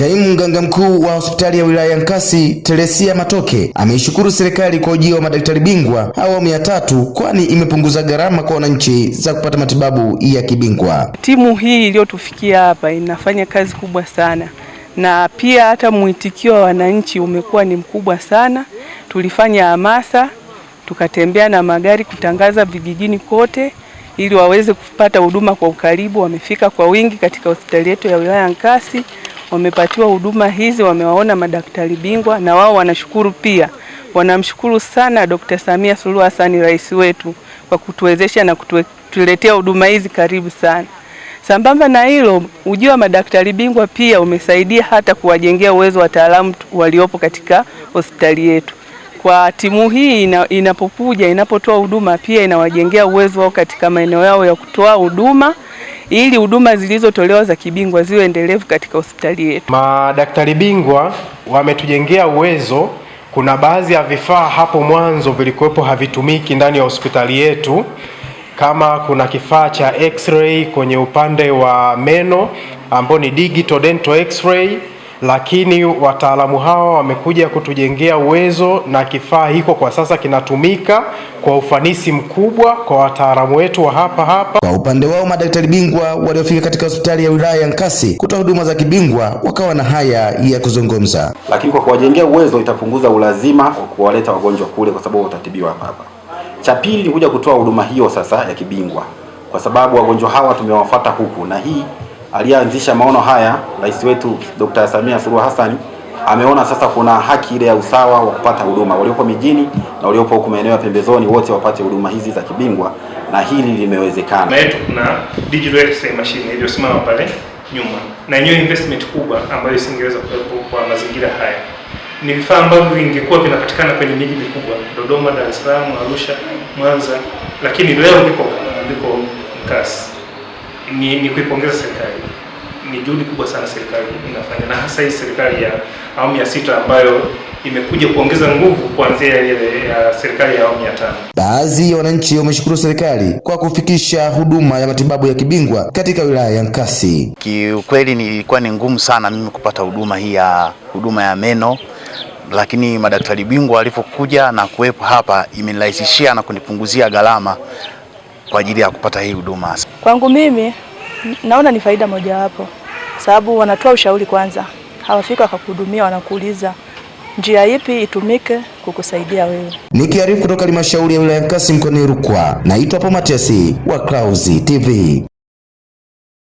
Kaimu mganga mkuu wa hospitali ya wilaya ya Nkasi Teresia Matoke ameishukuru serikali kwa ujio wa madaktari bingwa awamu ya tatu, kwani imepunguza gharama kwa wananchi za kupata matibabu ya kibingwa. Timu hii iliyotufikia hapa inafanya kazi kubwa sana, na pia hata mwitikio wa wananchi umekuwa ni mkubwa sana. Tulifanya hamasa, tukatembea na magari kutangaza vijijini kote ili waweze kupata huduma kwa ukaribu. Wamefika kwa wingi katika hospitali yetu ya wilaya ya Nkasi wamepatiwa huduma hizi, wamewaona madaktari bingwa na wao wanashukuru pia. Wanamshukuru sana Dr. Samia Suluhu Hassan rais wetu kwa kutuwezesha na kutuletea huduma hizi, karibu sana. Sambamba na hilo, ujio wa madaktari bingwa pia umesaidia hata kuwajengea uwezo wa wataalamu waliopo katika hospitali yetu. Kwa timu hii ina, inapokuja inapotoa huduma pia inawajengea uwezo wao katika maeneo yao ya kutoa huduma ili huduma zilizotolewa za kibingwa ziwe endelevu katika hospitali yetu. Madaktari bingwa wametujengea uwezo. Kuna baadhi ya vifaa hapo mwanzo vilikuwepo havitumiki ndani ya hospitali yetu, kama kuna kifaa cha x-ray kwenye upande wa meno ambao ni digital dental x-ray lakini wataalamu hawa wamekuja kutujengea uwezo na kifaa hiko kwa sasa kinatumika kwa ufanisi mkubwa kwa wataalamu wetu wa hapa hapa. Kwa upande wao madaktari bingwa waliofika katika hospitali ya wilaya ya Nkasi kutoa huduma za kibingwa wakawa na haya ya kuzungumza. Lakini kwa kuwajengea uwezo itapunguza ulazima wa kuwaleta wagonjwa kule, kwa sababu watatibiwa hapa hapa. Cha pili ni kuja kutoa huduma hiyo sasa ya kibingwa, kwa sababu wagonjwa hawa tumewafuata huku na hii aliyeanzisha maono haya, rais wetu Dr. Samia Suluhu Hassan ameona sasa kuna haki ile ya usawa wa kupata huduma, waliopo mijini na waliopo huko maeneo ya pembezoni, wote wapate huduma hizi za kibingwa, na hili limewezekana. Na yetu kuna digital x-ray machine iliyosimama pale nyuma, na yenyewe investment kubwa ambayo isingeweza kuwepo kwa mazingira haya. Ni vifaa ambavyo vingekuwa vinapatikana kwenye miji mikubwa, Dodoma, Dar es Salaam, Arusha, Mwanza, lakini leo viko viko kasi ni, ni kuipongeza serikali. Ni juhudi kubwa sana serikali inafanya, na hasa hii serikali ya awamu ya sita ambayo imekuja kuongeza nguvu kuanzia ile ya serikali ya awamu ya tano. Baadhi ya wananchi wameshukuru serikali kwa kufikisha huduma ya matibabu ya kibingwa katika wilaya ya Nkasi. Kiukweli nilikuwa ni ngumu sana mimi kupata huduma hii ya huduma ya meno, lakini madaktari bingwa walipokuja na kuwepo hapa imenirahisishia na kunipunguzia gharama kwa ajili ya kupata hii huduma? Kwangu mimi naona ni faida mojawapo, sababu wanatoa ushauri kwanza, hawafika wakakuhudumia, wanakuuliza njia ipi itumike kukusaidia wewe. Nikiarifu kutoka halmashauri ya wilaya ya Nkasi mkoani Rukwa, naitwa Pomatesi wa Clouds TV.